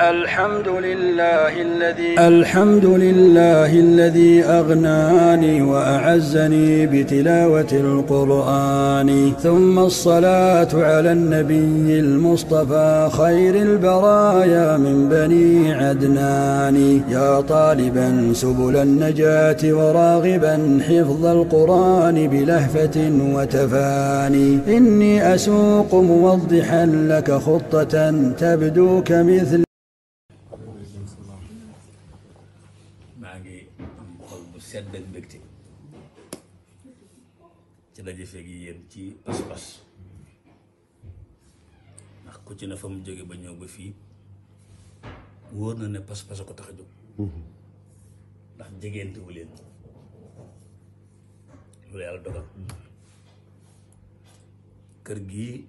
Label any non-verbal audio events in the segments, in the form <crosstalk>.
الحمد لله الذي الحمد لله الذي أغناني وأعزني بتلاوة القرآن ثم الصلاة على النبي المصطفى خير البرايا من بني عدنان يا طالبا سبل النجاة وراغبا حفظ القرآن بلهفة وتفاني إني أسوق موضحا لك خطة تبدو كمثل sedd ak mbégte ci daje feeg yéen ci pas-pas ndax ku ci na fa mu jóge ba ñëw ba fii wóor na ne pas-pas a ko tax a jóg ndax jegente leen loolu yàlla dogal kër gii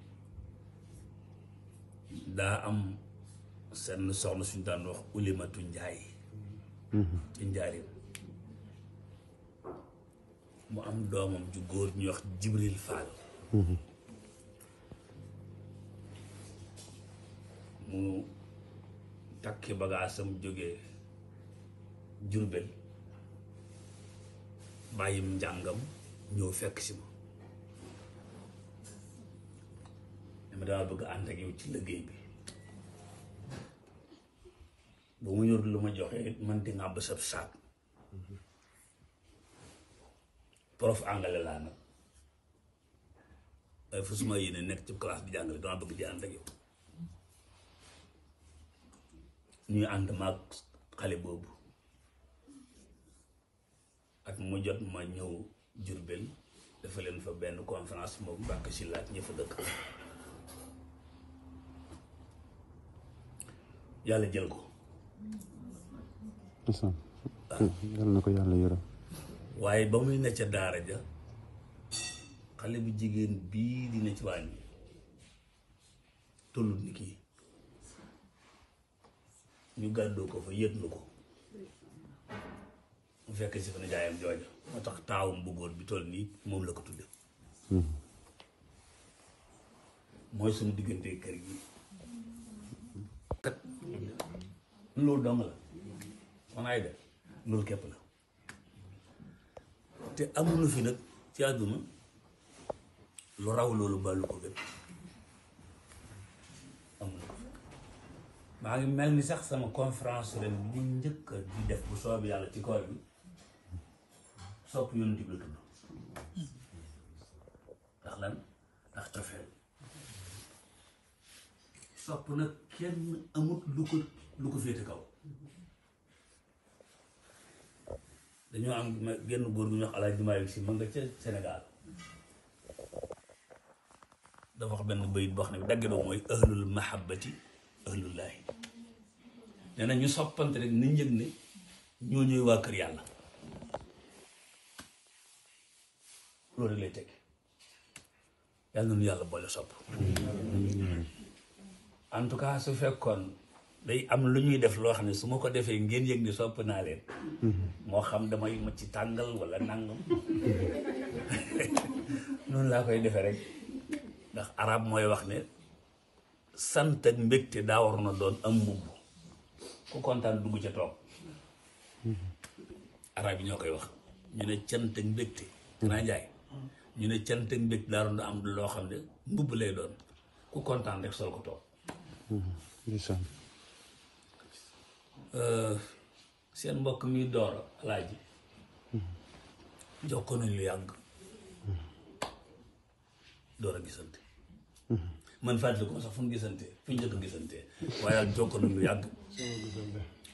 daa am seen soxna suñ daan wax ulimatu njaay mhm. ci njaarim mu am doomam ju góor ñuy wax Jibril Fall mhm. mu takki bagaasam jóge Jurbel bàyyim njàngam ñëw fekk si ma dama dama bëgg ànd ak yow ci liggéey bi ba mu yor lu ma joxee man di ngàbb sab saat mhm. prof anglais laa nag waaye fu suma yéene nekk ci classe bi jàngale dama bëgg di ànd ak yow ñuy ànd maag xale boobu ak mu jot ma ñëw Jurbel dafa leen fa benn conférence moom mbàkk si laaj ñë fa dëkk yàlla jël ko yàlla na ko yàlla yërëm waaye ba muy ne ca daara ja xale bu jigéen bii dina ci waañ bi tollut ni kii ñu gàddoo ko fa yëg na ko mu fekk si fa nijaayam jooju moo tax taawam bu góor bi toll nii moom la ko tudde mooy suñu diggante kër gi kat loolu dong la man ay def loolu képp la te amuñu fi nag ci àdduna lu raw loolu bàllu ko bépp amuñu ko maa ngi mel ni sax sama conférence ren bi njëkk di def bu soob yàlla ci koor bi sopp la tudd ndax lan sopp nag kenn amut lu ko lu ko féete kaw dañoo am genn góor gu ñuy wax alaaj jumaa si mën nga ca Sénégal dafa wax benn bayit boo xam ne dagge boobu mooy ahlul mahabbati ahlullaahi nee na ñu soppante rek nañ yëg ne ñoo ñooy waa kër yàlla loolu rek lay teg yàlla na nu yàlla boole sopp en su fekkoon léegi am lu ñuy def loo xam ne su ma ko defee ngeen yëg ni sopp naa leen moo xam damay ma ci tàngal wala nangam <laughs> noonu laa koy defee rek ndax araab mooy wax ne sant ak mbégte daa waroon a doon am mbubb ku kontaan dugg ca toog arab ñoo koy wax ñu ne cant ak mbégte ne cant ak mbégte daa waroon a am loo xam ne mbubb lay doon ku kontaan rek sol ko toog hmm. Hmm. Euh, seen mbokk mi door alaaji jokkoo nañ lu yàgg door a gisante man fàttali ko sax fu ñu gisante fu ñu njëkk a gisante waaye daal jokkoo nañ lu yàgg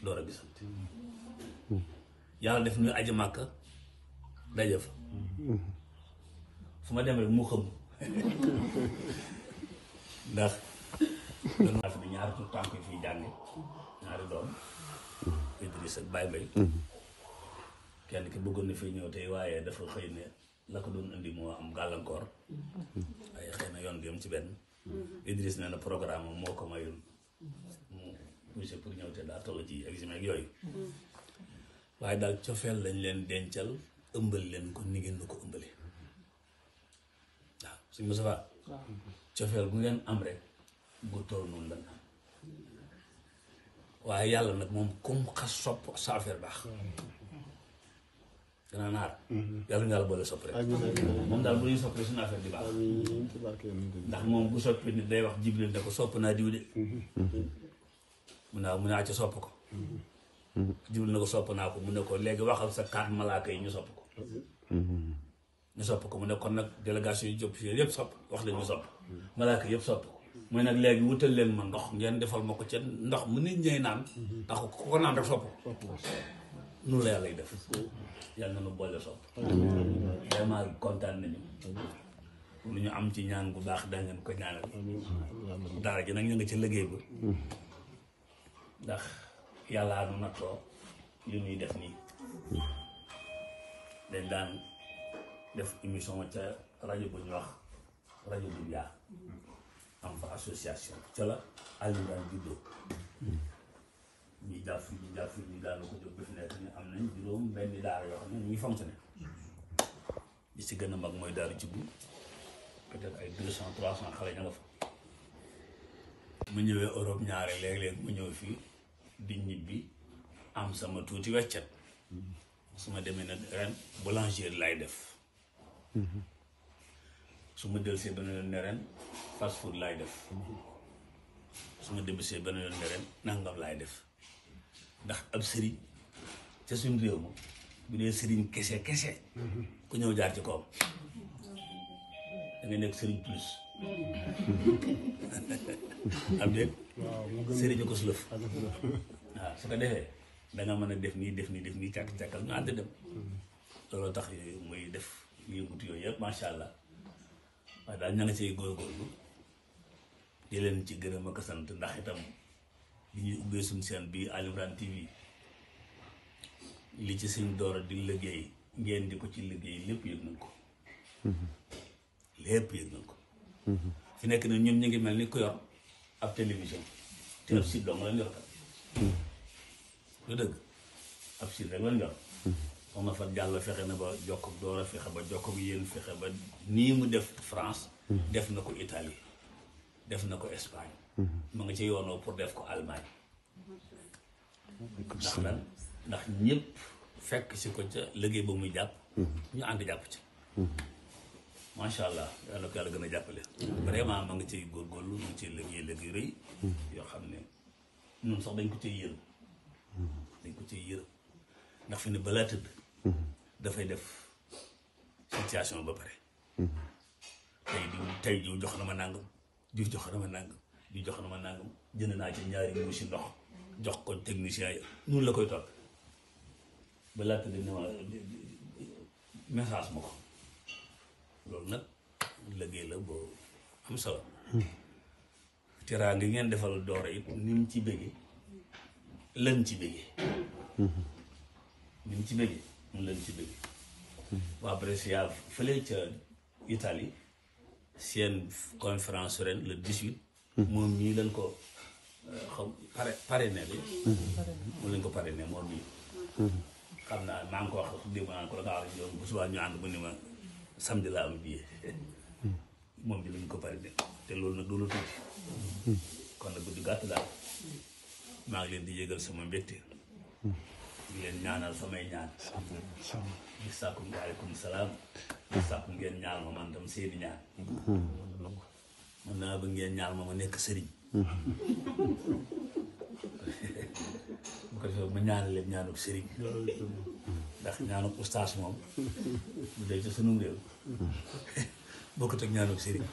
door a gisante yàlla def ñu aji màkk daje fu ma dem rek mu xam ndax fi ñaari tànk yi jànge ñaari doom Idriss ak Baye Mbaye mhm. kenn ki bëggoon na fi ñëw tey waaye dafa xëy ne la ko doon indi moo am gàllankoor waaye mhm. xëy na yoon bi am ci benn mhm. Idriss nee na programme moo ko mayul mu poussé pour ñëw te daa toll ci examen ak yooyu waaye daal cofeel lañ leen dencal ëmbal leen ko ni ngeen ko ëmbale waaw suñ Moustapha cofeel bu ngeen am rek bu toll noonu la waaye yàlla nag moom comme xas sopp sa affaire baax danaa naar mhm. yàlla boole sopp rek moom daal bu ñuy sopp rek suñu affaire di baax ndax moom bu soppee nit day wax jibril ne ko sopp naa diw de mhm. Mhm. naa mun naa ca sopp ko jibril ko sopp naa ko mu ne ko léegi waxal sa kaat malaaka yi ñu sopp ko ñu sopp ko mu ne kon nag délégation yi jóg fii yëpp sopp wax leen ñu sopp malaaka yëpp sopp mooy nag léegi wutal leen ma ndox ngeen defal ma ko ca ndox mu nit ñay naan ndax ku ko naan rek sopp nu la yàlla def yàlla na nu boole sopp vraiment kontaan nañu lu ñu am ci ñaan gu baax da ngeen ko ñaanal daara ji nag ñu nga ci liggéey ba ndax yàllaa nu nattoo li ñuy def nii dañ daan def émission ca rajo bu ñu wax rajo bu jaar am fa association ca la Alioune daan juddoo ñuy daf ñu daf ñu ko jóg ba fi ni am nañ juróom benn daara yoo xam ne ñu ngi fonctionné li si gën a mag mooy daal ci bu peut-être ay deux cent trois cent xale ña nga fa mu ñëwee Europe ñaare léeg-léeg mu ñëw fii di ñibbi am sama tuuti weccet su ma demee na ren boulangerie lay def mhm. su ma dellusee ba ne ren fast food laay def su ma débusee benn yoon nga ren nangam laay def ndax ab sëriñ ca suñ réew ma bu dee sëriñ kese kese ku ñëw jaar ci kawam da nekk sëriñ plus <laughs> am déet sëriñ ko sulëf waaw su ko defee da mën a def nii def nii def nii càkk càkkal ñu ànd dem looloo tax yooyu muy def yëngut yooyu yëpp macha allah waaye daal ña nga cay góorgóorlu di leen ci gërëm ak sant ndax itam li ñuy ubbee suñu seen bi Ali TV li ci sëñ Doora di liggéey ngeen di ko ci liggéey lépp yëg nañ ko lépp yëg nañ ko fi nekk na ñun ñu ngi mel ni ku yor ab télévision te ab site dong lañ yor lu dëgg ab site rek lañ yor moom na fa jàll fexe na ba jokk Doora fexe ba jokk yéen fexe ba nii mu def France hmm. def na ko itali def na ko Espagne ma nga ci yoonoo pour def ko Allemagne ndax lan ndax ñëpp fekk si ko ca liggéey ba muy jàpp mhm. ñu ànd jàpp ci mhm. macha allah yàlla ko yàlla gën a jàppale vraiment ma nga ciy góorgóorlu ma nga ciy liggéey liggéey rëy mhm. yoo xam ne ñun sox dañ ko ci yërëm dañ ko ci yërëm ndax fi ne balaa tëdd dafay def situation ba pare tey diw tey jox na ma nangam diw jox na ma nangam diw jox na ma jënd naa ci ñaari si ndox jox ko technicien yi noonu la koy topp ba laajte dañ ma message ma ko loolu nag liggéey la boo am solo. teraa ngi ngeen defal doora yi ni mu ci bëggee lan ci bëggee. ni mu ci bëggee lan ci bëggee. waa Brescia fële ca Italie. seen conférence ren le 18. moom mii lañ ko euh, xaw pare parrainé bi. moom lañ ko parrainé moom mii. xam naa maa ngi ko wax dégg naa ko la nga wax bu subaa ñu ànd bu ni ma samedi laa am bii <laughs> moom bi lañ ko parrainé te loolu nag du la tuuti. kon nag guddi gàtt daal maa ngi leen di yëgal sama mbégte. leen ñaanal samay ñaan. di sàkkum salaam. sàpp ngeen ñaal ma man tam seeni ñaar mën naa bëgg ngeen ñaal ma ma nekk sëriñ bu ko defee ma ñaanal leen ñaanuk sëriñ ndax ñaanuk ustaas moom bu dee ci sunum réew bokkut ak ñaanuk sëriñ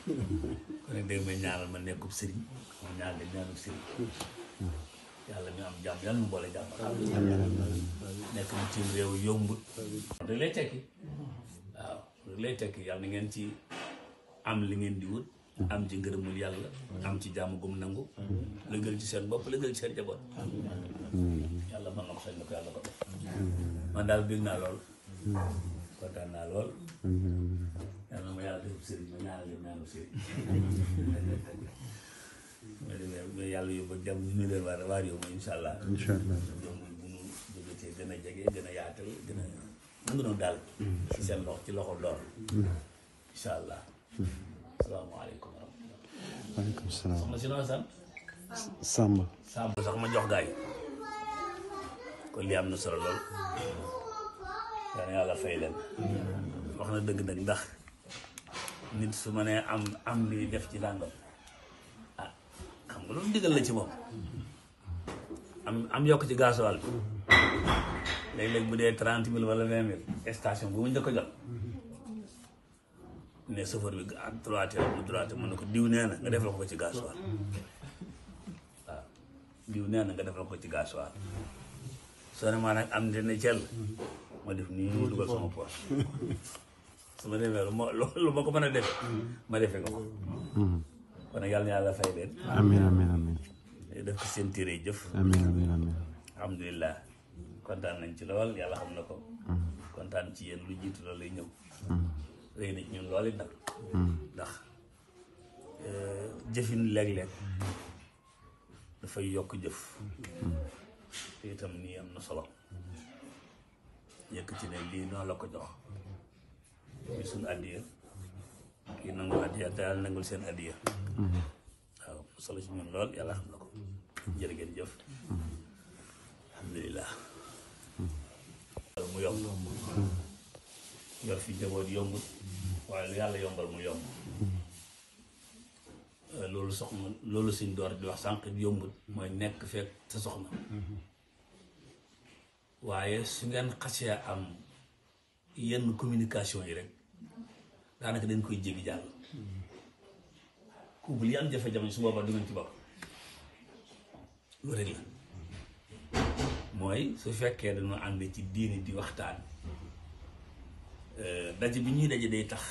kon nag dégg may ñaanal ma nekkub sëriñ ma ñaanal leen ñaanuk sëriñ yàlla ñu am jàmm yàlla ñu boole jàmm nekk na ci réew yombut. da lay tekki waaw loolu lay tekk yàlla na ngeen ci am li ngeen di wut am ci ngërëmul yàlla am ci jàmm gum nangu la lëgal ci seen bopp lëgal ci seen jaboot yàlla man na ko sañ na ko yàlla ko def man daal bég naa lool kontaan naa lool yàlla ma yàlla yóbbu jàmm ñu ñu leen waar yow ma insha allah insha bu ñu jógetee gën a jege gën a yaatal gën a mu ngi doon daal. Mm. ci seen loxo ci loxo lool. Mm. incha allah. Mm. asalaamaaleykum sax ma jox gaa yi. kon lii am na solo lool. yal na yàlla fay leen. wax na dëgg nag ndax. nit su ma nee am am luy def ci làngam ah, nga loolu ci moom am am yokk ci gasoil <laughs> léeg-léeg bu dee trente mille wala vingt mille station bu muñ da ko jot ne chauffeur bi à droite à droite mën na ko diw nee nga defal ko ci gasoil waaw diw nee ko ci gasoil soo ne maa nag am dina cell ma def nii ñu dugal sama poche su ma demee lu ma lu ma ko mën a def ma defe ko kon nag yàlla na yàlla fay leen amiin amiin amiin def ko seen téere jëf amiin amiin amiin kontaan nañ ci lool yàlla xam na ko kontaan ci yéen lu jiitu loolu lay ñëw rëy na ñun lool it ndax jëfin léeg-léeg dafay yokk jëf te itam nii am na solo yëkk ci ne lii noonu la ko jox muy suñu addiya kii nangu addiya te yàlla nangul seen addiya waaw solo ci ñun lool yàlla xam na ko jërë ngeen jëf alhamdulilah mu yomb yor fi njaboot yombut waaye lu yàlla yombal mu yomb euh, loolu soxna loolu suñ door di wax sànq bi yombut mooy nekk fekk sa soxna waaye su ngeen xasee am yenn communication yi rek daanaka dañ koy jéggi jàll kuubul yan jafe-jafe su boobaa du ngeen ci bopp rek la mooy su fekkee dañoo ànd ci diini di waxtaan euh, daje bi ñuy daje day tax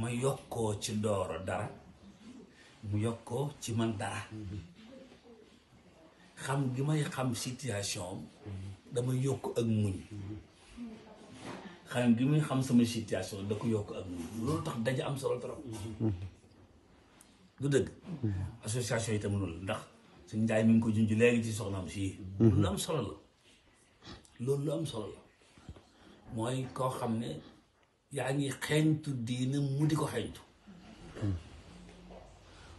ma yokkoo ci dooro dara mu yokkoo ci man dara xam gi may xam situation damay yokk ak muñ xam gi muy xam sama situation da ko yokk ak muñ loolu tax daje am solo trop mm-hmm. du dëgg association itam loolu ndax suñ mi ngi ko junj léegi ci soxnaam sii loolu mhm. lu am solo la loolu lu koo xam ne yaa ngi xeeñtu diina mu di ko xeeñtu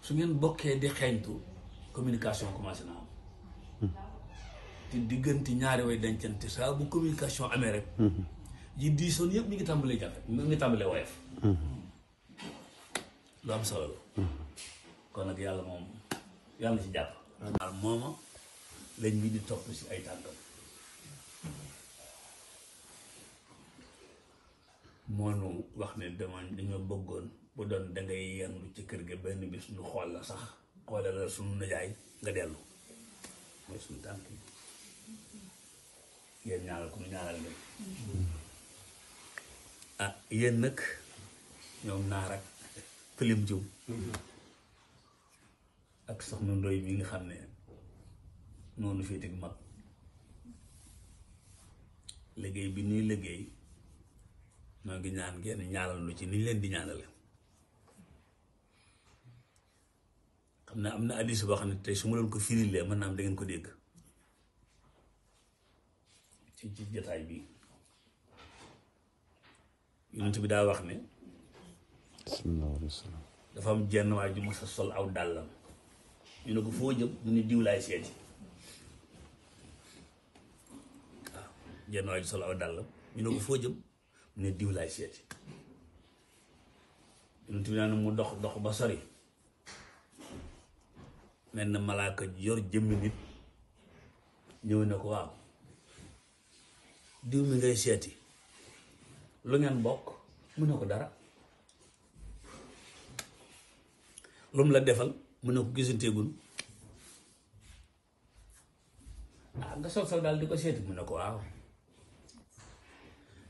su ngeen bokkee di xeeñtu communication commencé na am te mhm. diggante ñaari way dencante saa bu communication amee rek mhm. yi diisoon yëpp ñu ngi tàmbalee jafe ñu ngi tàmbalee woyof lu am solo kon nag yàlla moom yàlla na ci daal mooma lañ bi di topp si ay tànkam moo nu wax ne dama dañoo bëggoon bu doon dangay yendu ci kër gi benn bi ñu xool la sax xoole la suñu nijaay nga dellu mooy suñu tànk yi yéen ku mu ñaanal ah yéen nag ñoom naar ak pëlim jiw ak soxna ndoy mi nga xam ne noonu féete ak mag liggéey bi ñuy liggéey moo ngi ñaan ngeen ñaanal lu ci niñ leen di ñaanale xam ne am na addis boo xam ne tey su ma leen ko firilee mën naa am da ngeen ko dégg ci ci jataay bi yonent bi daa wax ne dafa am jenn waay ju mos a sol aw dàllam ñu ne ko foo jëm mu ne diw seeti waaw jenn waay ju sol aw dàllam ñu ne ko foo jëm mu ne diw seeti yonent bi naan dox dox ba sori mel na malaaka yor jëmmi nit ñëw ne ko waaw diw mi ngay seeti lu ngeen bokk mu ne ko dara lum la defal mu ne ko gisanteegul ah nga sol sol daal di ko seeti mu ne ko waaw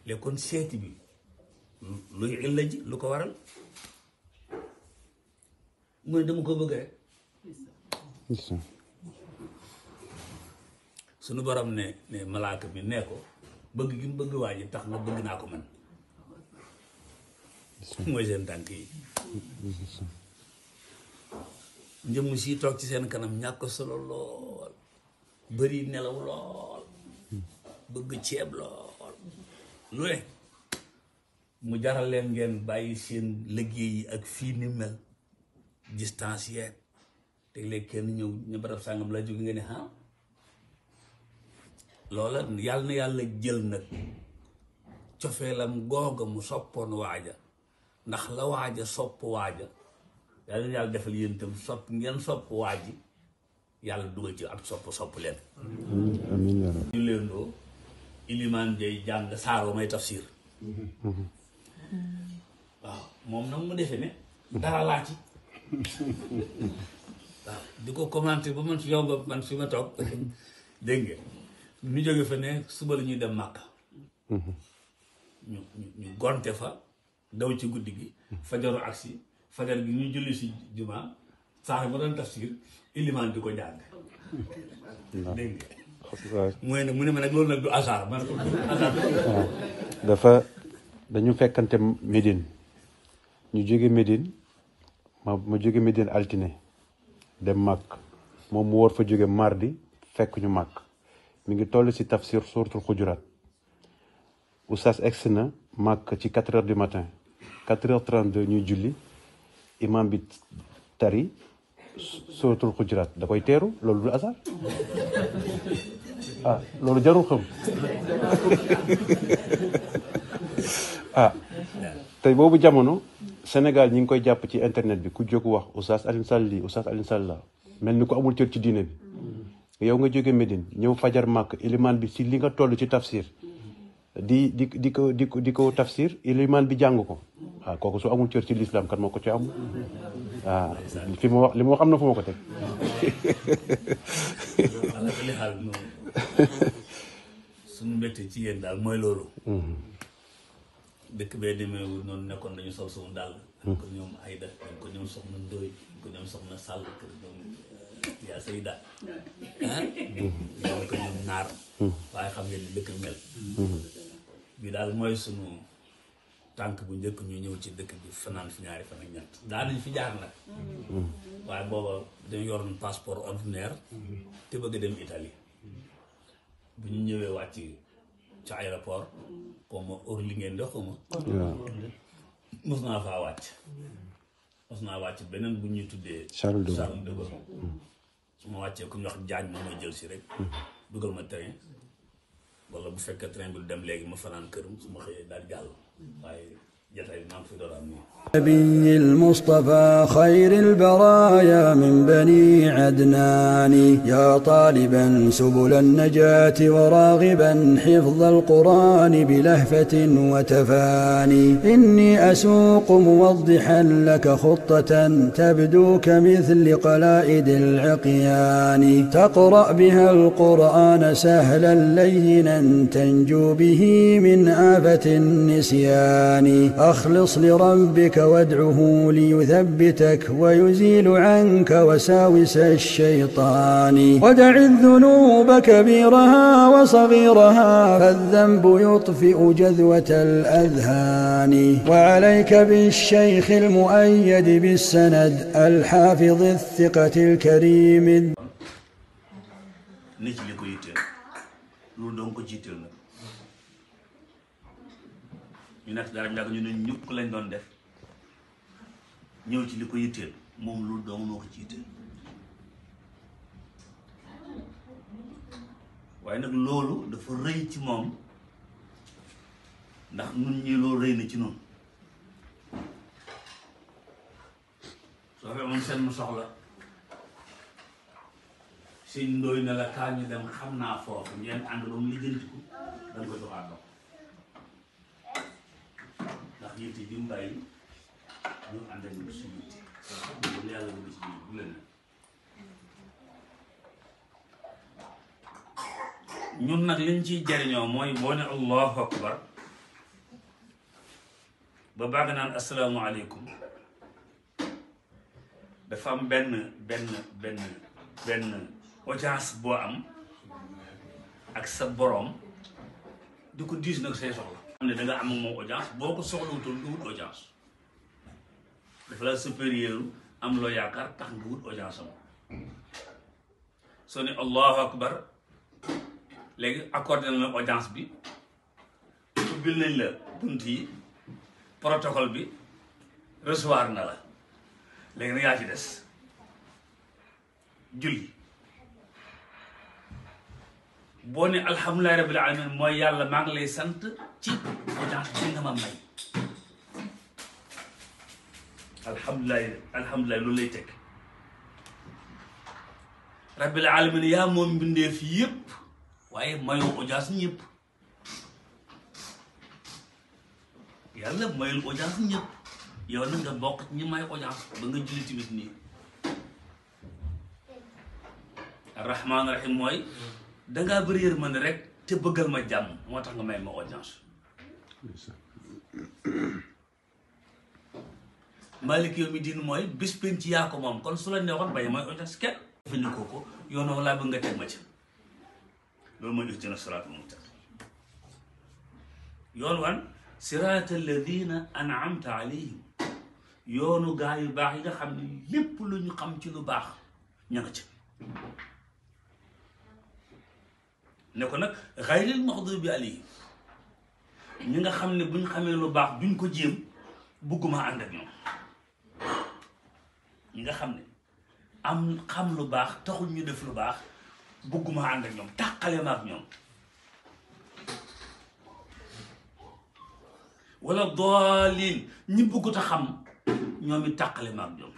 léegi kon seeti bi luy illa lu ko waral mu ne dama ko bëgg rek sunu borom ne ne malaaka mi nee ko bëgg gi mu bëgg waa ji tax na bëgg naa ko man mooy seen tànk yi njëmm si toog ci seen kanam ñàkk solo lool bari nelaw lool bëgg ceeb lool lu ne mu jaral leen ngeen bàyyi seen liggéey yi ak fii ni mel distance yeeg te léegi kenn ñëw ñu barab sàngam la jóge nga ne ah loola yàlla na yàlla jël nag cofeelam googa mu soppoon waaja ndax la waaja sopp waaja yàlla yàlla defal yéen itam sopp ngeen sopp waa ji yàlla dugal ci ak sopp sopp leen ñu leen doo ilimaan jay jàng saaroo may tafsir waaw moom nag mu defe ne dara laa ci waaw di ko commenté ba man fi yow man fi ma toog dégg nga jóge fa ne suba la ñuy dem màkka mhm. ñu ñu gonte fa daw ci guddi gi fajaru agsi fajar gi ñu julli si jumaa saar bu doon tafsir ilimaan di ko jàng mu ne ma <laughs> dafa dañu fekkante Médine ñu jóge Médine ma ma jóge Médine altine dem màkk moom mu war fa jóge mardi fekk ñu màkk mu ngi toll ci tafsir suuratul xujuraat oustaz egsi na màkk ci quatre heures du matin quatre heures trente-deux ñuy julli imam bi tari suratul xujuraat da koy teeru loolu du asar ah loolu jarul xam <laughs> ah te boobu jamono Sénégal ñi ngi koy jàpp ci internet bi ku jóg wax oustaz Alioune Sall lii oustaz Alioune mel ni ko amul cër ci diine bi yow nga jóge Médine ñëw fajar màkk ilimaan bi si li nga toll ci tafsir di di di ko di di ko tafsir ilimaan bi jàng ko waaw ah, kooku su amul cër ci ko ah, ko teg suñu mbégte daal mooy loolu dëkk nekkoon dañu sol suñu dàll hmm. dañ ko ñoom xam ngeen ni dëkk mel hmm. bi daal mooy sunu tànk bu njëkk ñu ñëw ci dëkk bi fanaan fi ñaari fan ak ñett daa fi jaar nag mm-hmm. waaye booba dañ yoroon passeport ordinaire mm-hmm. te bëgg dem Italie mm-hmm. bu ñu ñëwee wàcc ci aéroport comme li ngeen dox ma mos naa faa wàcc mos naa wàcc beneen bu ñuy tuddee Charles de Gaulle su ma wàccee ku ñu wax jaañ ma may jël si rek dugal ma train wala bu fekkee train bu dem léegi ma fanaan këram su ma xëyee daal jàll waaye نبي المصطفى خير البرايا من بني عدنان يا طالبا سبل النجاة وراغبا حفظ القرآن بلهفة وتفاني إني أسوق موضحا لك خطة تبدو كمثل قلائد العقيان تقرأ بها القرآن سهلا لينا تنجو به من آفة النسيان فأخلص لربك وادعه ليثبتك ويزيل عنك وساوس الشيطان ودع الذنوب كبيرها وصغيرها فالذنب يطفئ جذوة الأذهان وعليك بالشيخ المؤيد بالسند الحافظ الثقة الكريم نجلك يتم لو دونك جيتم ñu nekk dara njàng ñu ne ñëpp lañ doon def ñëw ci li ko yitteel moom lu doom noo ko ci yitteel waaye nag loolu dafa rëy ci moom ndax nun ñi loolu rëy na ci noonu soo fee moom seen mu soxla sëñ ndooy na la kaa ñu dem xam naa foofu ngeen ànd ba mu lijjanti ko danga ko joxaat dox yitte bi mu ñun suñu yitte yàlla ci biir ciy jariñoo mooy boo ne allahu akbar ba bàgg naan asalaamualeykum dafa am benn benn benn benn audience boo am ak sa boroom di ko diis nag say soxla xam ne da nga moom audience boo ko soxlawutoon du wut audience dafa la supérieur am loo yaakaar tax nga wut audience am soo ne allahu akbar léegi accordé na la audience bi ubbil nañ la bunt yi protocole bi recevoir na la léegi na yaa ci des julli boo ne alhamdulilahi alamin mooy yàlla maa ngi lay sant ci audience bi nga ma may alhamdulilahi alhamdulilahi loolu lay alamin yaa moom mbindeef yëpp waaye mayoo audience ñëpp yàlla mayul audience ñëpp yow na nga bokk ci ñi may audience ba nga julli tamit nii arrahmaan rahim mooy dangaa bëri yërmande rek te bëggal ma jàmm moo tax nga may ma audience Malick yow mi diin mooy bis pénc ci yaa ko moom kon su la neexoon bañ a may audience kenn dafa ñu ko yoonoo laa bëgg nga teg ma ci loolu mooy ihdina siraatal mustaqiim yoon wan siraatal ladiina yoonu gaa yu baax yi nga xam ne lépp lu ñu xam ci lu baax ña nga ci ne ko nag xayril maxdubi alayhim ñi nga xam ne buñ xamee lu baax duñ ko jéem bugguma ànd ak ñoom ñi nga xam ne am xam lu baax taxul ñu def lu baax bugguma ànd ak ñoom tàqale ñoom wala doolin ñu buggut a xam ñoom it tàqale ma ak ñoom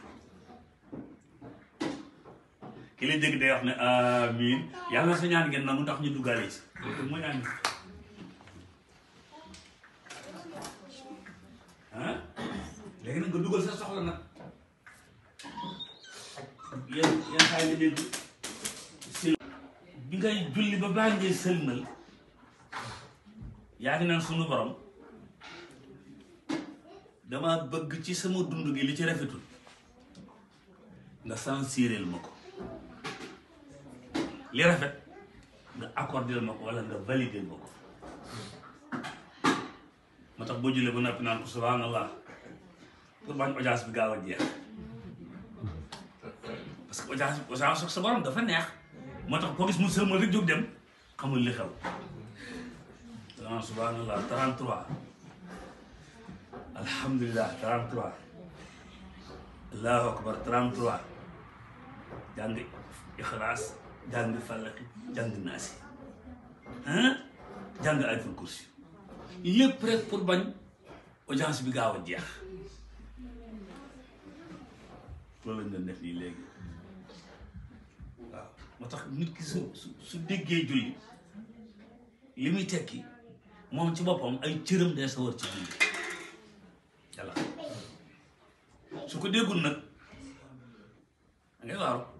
ki la dégg day wax ne amiin yàlla sa ñaan ngeen nangu ndax ñu duggaale ci loolu nag nga dugal sa soxla nag yéen yéen xaay nga dégg si bi ngay julli ba baa ngay sëlmal yaa ngi naan sunu borom dama bëgg ci sama dund gi li ci rafetul nga sensiréel ma ko li rafet nga accordeel ma ko wala nga valideel ma ko moo tax boo jullee ba noppi naan ko subhanallah pour bañ audience bi gaaw a jeex parce que audience audience ak sa borom dafa neex moo tax koo gis mu sëlmal rek jóg dem xamul li xew danaan subhanallah 33 alhamdulilah 33 allahu akbar 33 jàng ixlaas jàng falaki jàng naasi jàng ayatul kursi lépp rek pour bañ audience bi gaaw a jeex loolu lañ doon def nii léegi waaw moo tax nit ki su su déggee julli li muy tekki moom ci boppam ay cëram day sawar ci julli yàlla su ko déggul nag da ngay waaru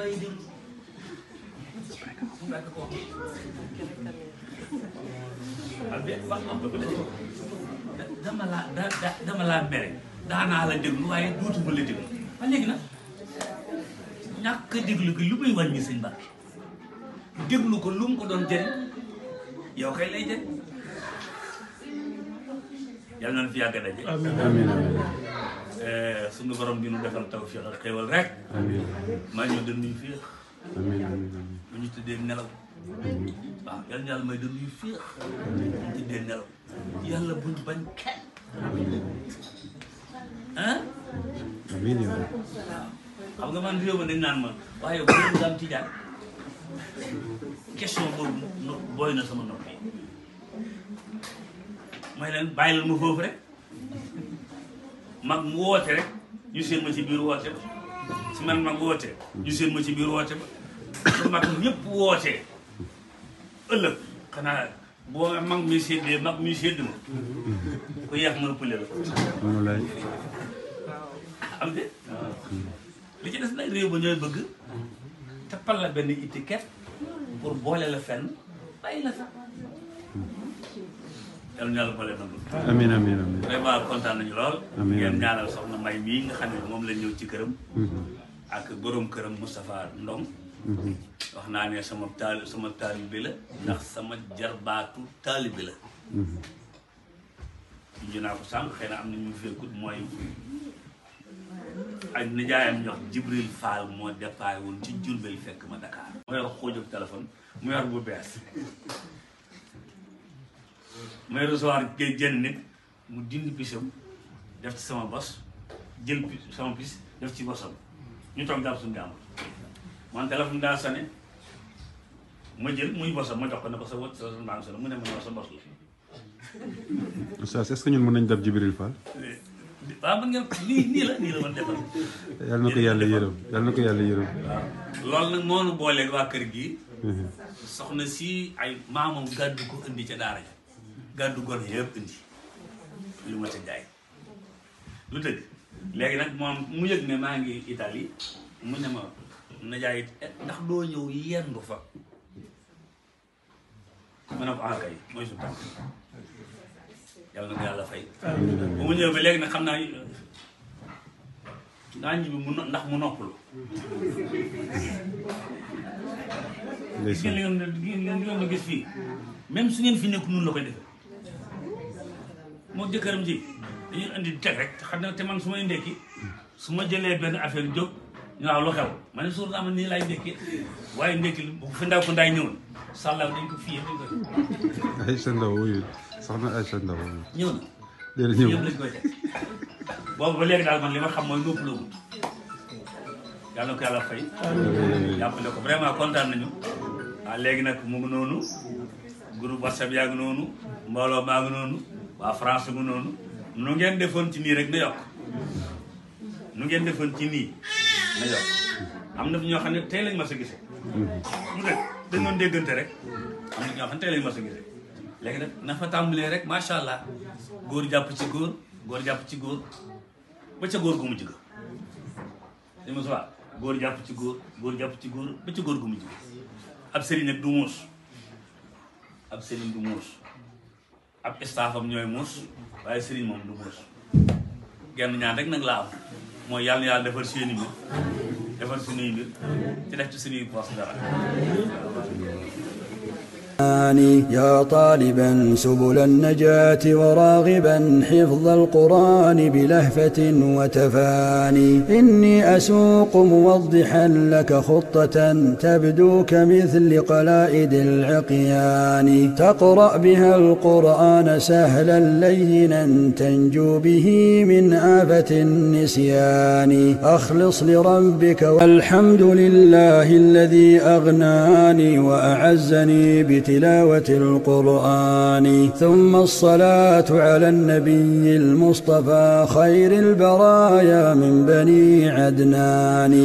dama laa mere daanaa la déglu waaye dootuma la déglu ba léegi nag ñàkk déglu ko lu muy wàññi sëñ Mbàkke déglu ko lu mu ko doon jëriñ yow kay lay yàlla nañu fi yàgg a daje. amiin amiin amiin. Eh, sunu borom bi nu defal tawfiq ak xéwal rek. amiin maa ñëw dënnu yu féex. amiin amiin amiin. nelaw. yàlla buñ bañ kenn. ah. xam nga man réew ma dañ naan ma waaye bu dee daam tijaan question boobu booy na sama noppi. may leen bàyyi ma foofu rek mag mu woote rek ñu seen ma ci biir woote ba su man mag wootee ñu seen ma ci biir woote ma su mag ñëpp wootee ëllëg xanaa boo mag mi séddee mag mi sédd ma ku yeex ma ëppale la am de li ci des nag réew ba ñooy bëgg te pal la benn étiquette pour boole la fenn yàlla na yàlla boole nangul. amiin amiin amiin vraiment lool. amiin ngeen ñaanal May mii moom lañ ñëw ci këram. Mhm. ak borom këram mustafa Ndong. Mhm. wax naa ne sama taal la. ndax sama jarbaatu taalibe la. ñu mhm. naa ko sànq xëy na am na ñu fekkut mooy nijaayam ñox Jibril Fall moo déparé woon ci Diourbel fekk ma Dakar. mu yor xóojog téléphone mu yor bu bees. may recevoir géej jenn nit mu dindi pisam def ci sama bos jël sama pis def ci bosam ñu toog daal suñu jàmbur man téléphone daa sane ma jël muy bosam ma jox ko ne ko sa wot sa mbaam mu ne ma ne sa bos la fii. oustaz est ñun mën nañ dab Jibril Fall. waaw mën ngeen nii nii la nii la woon defal. yal na ko yàlla yërëm yal na ko yàlla yërëm. waaw nag moo nu waa kër gi. soxna si ay maamam gàddu ko indi ca daara ji. gàddu gone yëpp indi lu ma ci jaay lu dëgg léegi nag moom mu yëg ne maa ngi Italie mu ne ma eh, ndax doo ñëw yendu fa ma ne ko ah kay mooy su tànk yàlla na yàlla fay ba mu ñëw ba léegi nag xam naa naa ñibbi mu ndax mu noppalu gis ngeen li gis fii même su ngeen fi nekk nun la koy defee moom jëkkëram ji dañuy andi teg rek xam na te man su may ndékki su ma jëlee benn affaire jóg ñu waaw lu xew ma ne suur am nii laay ndékki waaye ndékki bu fi ndaw ko ndaay ñëwoon sàllaaw dañ ko fiyee dañ ko Aïcha Ndao wuyu soxna Aïcha Ndao wuyu ñëw na boobu ba daal man li ma xam mooy nopp la wut yàlla ko yàlla fay jàppale ko vraiment kontaan nañu waaw ah, léegi nag mu ngi noonu whatsapp yaa ngi mbooloo maa ngi waa France mu noonu nu ngeen defoon ci nii rek na yokk nu ngeen defoon ci nii na yokk am na ñoo xam ne tey lañ ma sa gisee déggante rek am na ñoo xam ne tey lañ ma sa gisee léegi nag na fa tàmbalee rek macha allah góor jàpp ci góor góor jàpp ci góor ba ca góor gu mujj ga li ma góor jàpp ci góor góor jàpp ci góor ba ca góor gu mujj ga ab sëriñ ak du muus ab sëriñ du muus ab istaafam ñooy muus waaye sëriñ moom du muus genn ñaan rek nag laa am mooy yàlla na yàlla defar seeni mbir defar suñuy mbir ci def ci suñuy poos dara يا طالبا سبل النجاة وراغبا حفظ القرآن بلهفة وتفاني إني أسوق موضحا لك خطة تبدو كمثل قلائد العقيان تقرأ بها القرآن سهلا لينا تنجو به من آفة النسيان أخلص لربك والحمد لله الذي أغناني وأعزني بتقوى تلاوة القرآن ثم الصلاة على النبي المصطفى خير البرايا من بني عدنان